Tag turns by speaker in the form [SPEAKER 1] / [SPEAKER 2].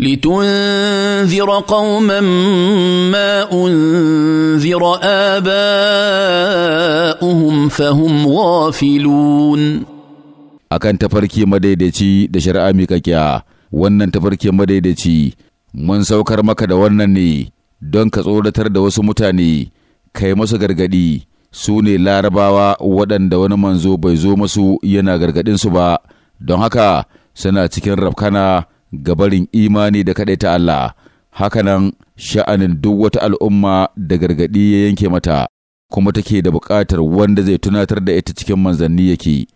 [SPEAKER 1] لتنذر قوما ما انذر اباؤهم فهم غافلون
[SPEAKER 2] akan tafarki madaidaici da shari'a miƙaƙiya wannan tafarki madaidaici mun saukar maka da wannan ne don ka tsoratar da wasu mutane kai masu gargaɗi su ne larabawa waɗanda wani manzo bai zo masu yana gargadinsu ba don haka suna cikin rafkana gabarin imani da kaɗai ta Allah, hakanan sha'anin duk wata al'umma da gargaɗi ya yanke mata, kuma take da buƙatar wanda zai tunatar da ita cikin manzanni yake.